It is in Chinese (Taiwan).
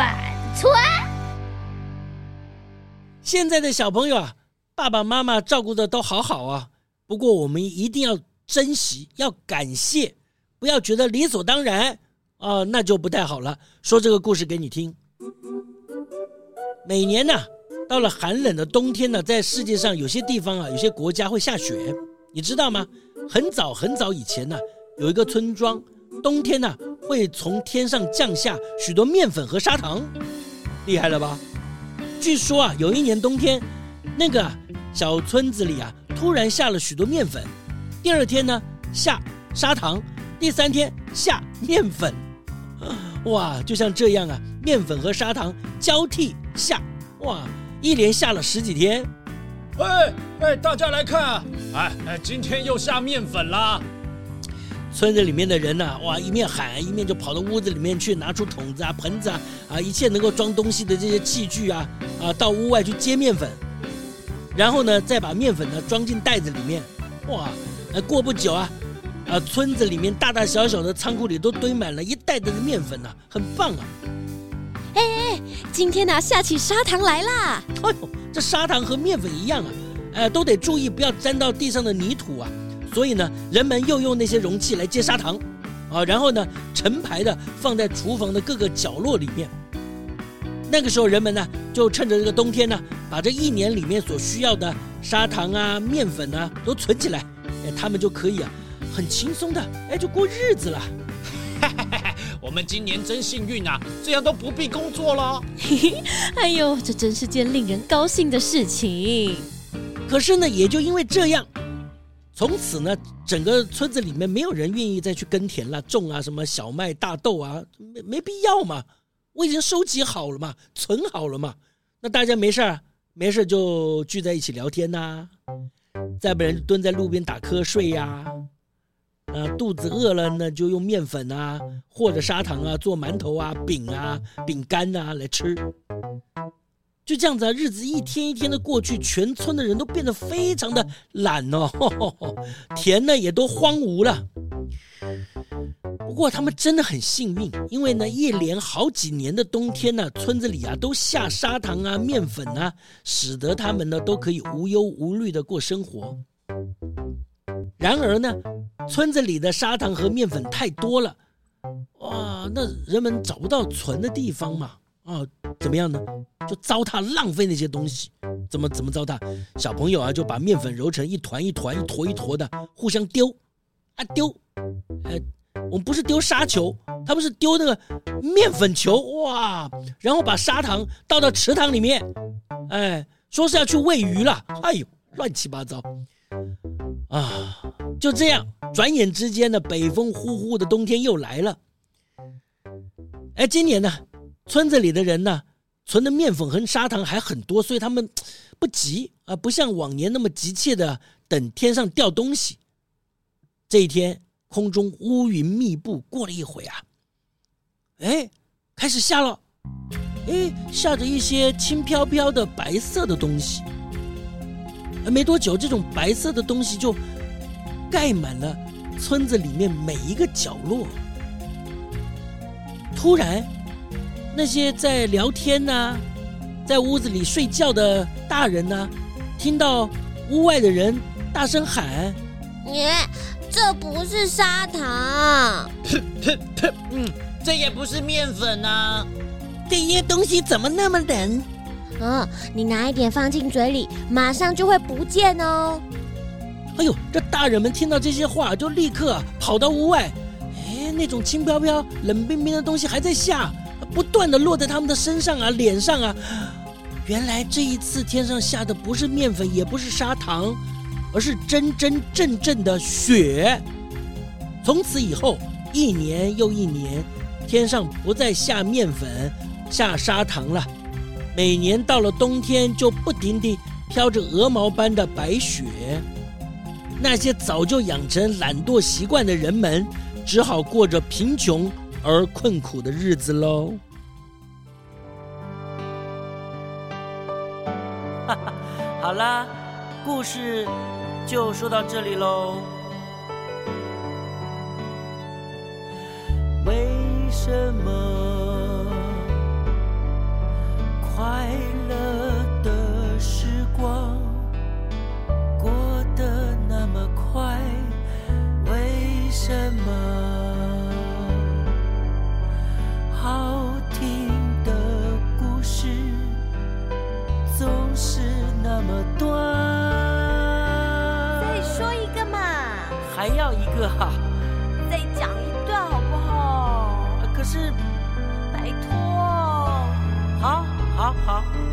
暖春。現在的小朋友啊，爸爸媽媽照顧的都好好啊。不過我們一定要珍惜，要感謝，不要覺得理所當然啊、呃，那就不太好了。說這個故事給你聽。每年呢、啊，到了寒冷的冬天呢、啊，在世界上有些地方啊，有些國家會下雪，你知道嗎？很早很早以前呢、啊，有一個村莊。冬天呢、啊，會從天上降下許多麵粉和砂糖，厲害了吧？據說啊，有一年冬天，那個小村子裡啊，突然下了許多麵粉。第二天呢，下砂糖；第三天下麵粉。哇，就像這樣啊，麵粉和砂糖交替下，哇，一連下了十幾天。哎哎，大家來看，哎哎，今天又下麵粉啦。村子裡面的人呢、啊，哇，一面喊一面就跑到屋子裡面去，拿出桶子啊、盆子啊，啊，一切能夠裝東西的這些器具啊，啊，到屋外去接麵粉，然後呢，再把麵粉呢裝進袋子裡面，哇，呃，過不久啊，啊，村子裡面大大小小的倉庫裡都堆滿了一袋袋的麵粉呢、啊，很棒啊。哎哎，今天吶、啊，下起砂糖來啦！哎呦，這砂糖和麵粉一樣啊，呃，都得注意不要沾到地上的泥土啊。所以呢，人們又用那些容器來接砂糖，啊，然後呢，成排的放在廚房的各個角落裡面。那個時候，人們呢，就趁着這個冬天呢，把這一年裡面所需要的砂糖啊、麵粉啊都存起來，哎，他們就可以啊，很輕鬆的，哎，就過日子了。嘿嘿嘿，我們今年真幸運啊，這樣都不必工作了。 哎呦，這真是件令人高興的事情。可是呢，也就因為這樣。從此呢，整個村子裡面沒有人願意再去耕田了，種啊什麼小麥、大豆啊，沒沒必要嘛。我已經收集好了嘛，存好了嘛。那大家沒事兒，沒事兒就聚在一起聊天吶、啊，再不然蹲在路邊打瞌睡呀、啊。啊，肚子餓了呢，就用麵粉啊或者砂糖啊做饅頭啊、餅啊、餅乾啊來吃。就這樣子啊，日子一天一天的過去，全村的人都變得非常的懶哦，呵呵呵，田呢也都荒蕪了。不過他們真的很幸運，因為呢一連好幾年的冬天呢啊，村子裡啊都下砂糖啊、麵粉啊，使得他們呢都可以無憂無慮的過生活。然而呢，村子裡的砂糖和麵粉太多了，哇，那人們找不到存的地方嘛。啊、哦，怎麼樣呢？就糟蹋浪費那些東西，怎麼怎麼糟蹋？小朋友啊，就把麵粉揉成一團一團、一坨一坨的，互相丟，啊丟，呃，我們不是丟沙球，他們是丟那個麵粉球，哇！然後把砂糖倒到池塘裡面，哎，說是要去餵魚了，哎呦，亂七八糟，啊，就這樣，轉眼之間呢，北風呼呼的冬天又來了，哎，今年呢？村子裡的人呢，存的麵粉和砂糖還很多，所以他們不急啊，不像往年那麼急切的等天上掉東西。這一天空中烏雲密布，過了一會啊，哎，開始下了，哎，下着一些輕飄飄的白色的東西。沒多久，這種白色的東西就蓋滿了村子裡面每一個角落。突然，那些在聊天呢、啊，在屋子裡睡覺的大人呢、啊，聽到屋外的人大聲喊：“耶，這不是砂糖，噗噗噗，嗯，這也不是麵粉吶、啊，這些東西怎麼那麼冷？”啊、哦，你拿一點放進嘴裡，馬上就會不見哦。哎呦，這大人們聽到這些話，就立刻跑到屋外。哎，那種輕飄飄、冷冰冰的東西還在下。不斷的落在他們的身上啊，臉上啊。原來這一次天上下的不是麵粉，也不是砂糖，而是真真正正的雪。從此以後，一年又一年，天上不再下面粉、下砂糖了。每年到了冬天，就不停地飄着鵝毛般的白雪。那些早就養成懶惰習慣的人們，只好過着貧窮而困苦的日子嘍。哈哈，好啦，故事就說到這裡嘍。再說一個嘛，還要一個哈、啊，再講一段好不好？可是，拜託，好好好。好